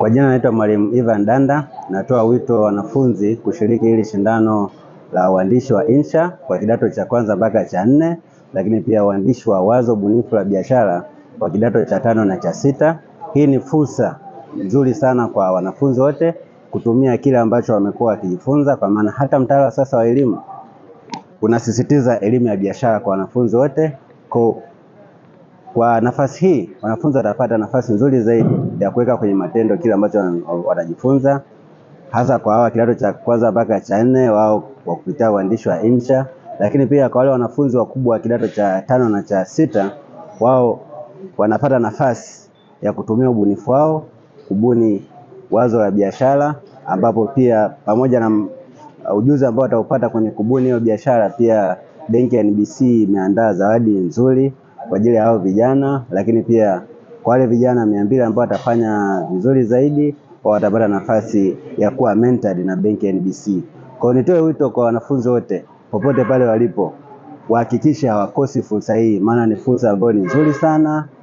Kwa jina naitwa Mwalimu Ivan Danda. Natoa wito wa wanafunzi kushiriki hili shindano la uandishi wa insha kwa kidato cha kwanza mpaka cha nne, lakini pia uandishi wa wazo bunifu la biashara kwa kidato cha tano na cha sita. Hii ni fursa nzuri sana kwa wanafunzi wote kutumia kile ambacho wamekuwa wakijifunza, kwa maana hata mtaala sasa wa elimu unasisitiza elimu ya biashara kwa wanafunzi wote. Kwa nafasi hii wanafunzi watapata nafasi nzuri zaidi ya kuweka kwenye matendo kile ambacho wanajifunza, hasa kwa hawa kidato cha kwanza mpaka cha nne, wao kwa kupitia uandishi wa insha, lakini pia kwa wale wanafunzi wakubwa wa kidato cha tano na cha sita, wao wanapata nafasi ya kutumia ubunifu wao kubuni wazo la biashara, ambapo pia pamoja na uh, ujuzi ambao wataupata kwenye kubuni hiyo biashara, pia benki ya NBC imeandaa zawadi nzuri kwa ajili ya hao vijana, lakini pia kwa wale vijana mia mbili ambao watafanya vizuri zaidi watapata nafasi ya kuwa mentored na benki ya NBC. Kwa hiyo nitoe wito kwa wanafunzi wote popote pale walipo, wahakikishe hawakosi fursa hii, maana ni fursa ambayo ni nzuri sana.